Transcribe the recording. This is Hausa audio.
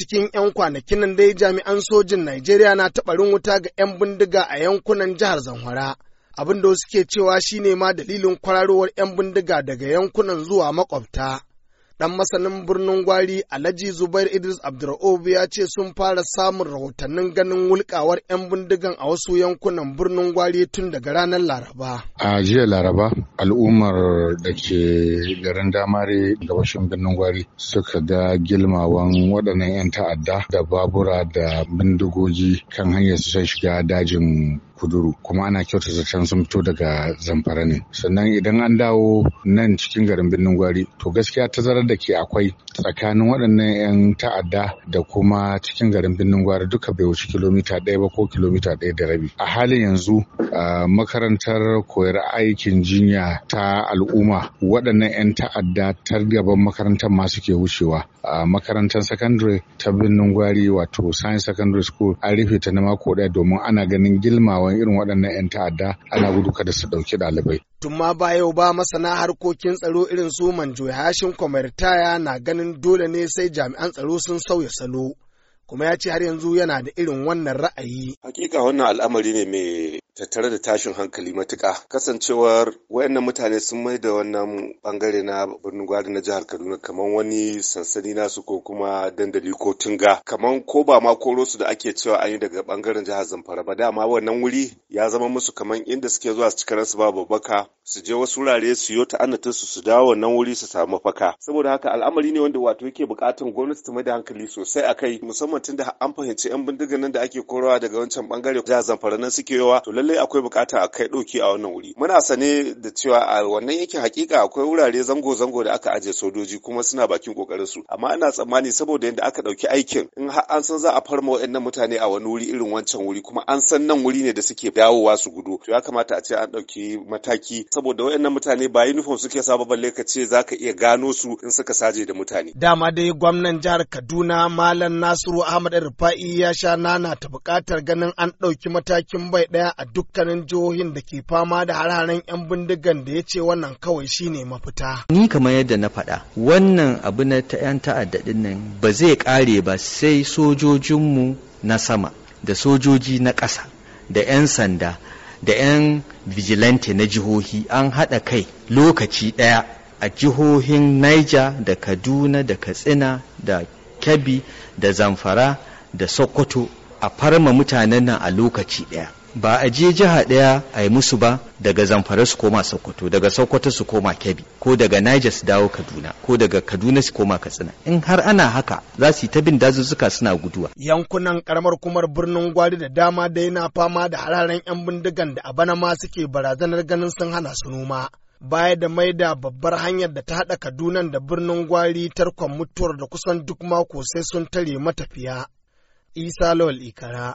cikin 'yan kwanakin nan dai jami'an sojin Najeriya na taɓarin wuta ga 'yan bindiga a yankunan jihar Zamfara. Abin da suke cewa shi ne ma dalilin kwararowar 'yan bindiga daga yankunan zuwa makwabta. Ɗan masanin birnin gwari Alhaji Zubair Idris Abdur'ob ya ce sun fara samun rahotannin ganin wulkawar 'yan bindigan a wasu yankunan birnin gwari tun daga ranar Laraba. A jiya Laraba, al'ummar da ke garin Damare gabashin birnin gwari suka ga gilmawan waɗannan 'yan ta'adda da babura da bindigogi kan hanyar su shiga dajin kuduru kuma ana kyautata can sun fito daga zamfara ne sannan idan an dawo nan cikin garin birnin gwari to gaskiya tazarar da ke akwai tsakanin waɗannan 'yan ta'adda da kuma cikin garin birnin gwari duka bai wuce kilomita ɗaya ba ko kilomita ɗaya da rabi a halin yanzu makarantar koyar aikin jinya ta al'umma waɗannan 'yan ta'adda ta gaban makarantar masu ke wucewa a makarantar secondary ta birnin gwari wato science secondary school an rufe ta na mako ɗaya domin ana ganin girmawa kamawan irin waɗannan 'yan ta'adda ana gudu kada su ɗauki ɗalibai. Tun ma ba yau ba masana harkokin tsaro irin su Manjo Hashin Kwamartaya na ganin dole ne sai jami'an tsaro sun sauya salo. kuma ya ce har yanzu yana da irin wannan ra'ayi. Hakika wannan al'amari ne mai tattare da tashin hankali matuka. kasancewar wayannan mutane sun mai da wannan bangare na birnin gwari na jihar kaduna kamar wani sansani nasu ko kuma dandali ko tunga kamar ko ba ma koro su da ake cewa an yi daga bangaren jihar zamfara ba dama wannan wuri ya zama musu kamar inda suke zuwa su cika su ba babbaka su je wasu wurare su yi ta'annatin su su dawo wannan wuri su samu mafaka saboda haka al'amari ne wanda wato yake buƙatar gwamnati ta mai da hankali sosai a kai musamman tun da an fahimci 'yan bindigar nan da ake korowa daga wancan bangare jihar zamfara nan suke yawa to lallai akwai bukata a kai ɗauki a wannan wuri muna sane da cewa a wannan yankin hakika akwai wurare zango-zango da aka ajiye sojoji kuma suna bakin kokarin su amma ina tsammani saboda yadda aka ɗauki aikin in har an san za a farma waɗannan mutane a wani wuri irin wancan wuri kuma an san nan wuri ne da suke dawowa su gudu to ya kamata a ce an ɗauki mataki saboda waɗannan mutane ba uniform suke sa ba balle ka ce za iya gano su in suka saje da mutane dama dai gwamnan jihar Kaduna Malam Nasiru Ahmad Rufa'i ya sha nana ta buƙatar ganin an ɗauki matakin bai ɗaya a dukkanin jihohin da ke fama da hararen 'yan bindigan da ya ce wannan kawai shine mafita. Ni kamar yadda na faɗa wannan abu na ta 'yan ta'adda nan ba zai ƙare ba sai sojojinmu na sama da sojoji na ƙasa da 'yan sanda da 'yan vigilante na jihohi an haɗa kai lokaci ɗaya a jihohin Niger da Kaduna da Katsina da Kebbi da Zamfara da Sokoto a farma mutanen nan a lokaci ɗaya. ba a je jiha ɗaya a yi musu ba daga zamfara su koma sokoto daga sokoto su koma kebbi ko daga niger su dawo kaduna ko daga kaduna su koma katsina in har ana haka za su yi ta bin dazuzzuka suna guduwa yankunan karamar kumar birnin gwari da dama da yana fama da hararen yan bindigan da a bana ma suke barazanar ganin sun hana su noma baya da mai da babbar hanyar da ta haɗa kadunan da birnin gwari tarkon mutuwar da kusan duk mako sai sun tare matafiya isa lawal ikara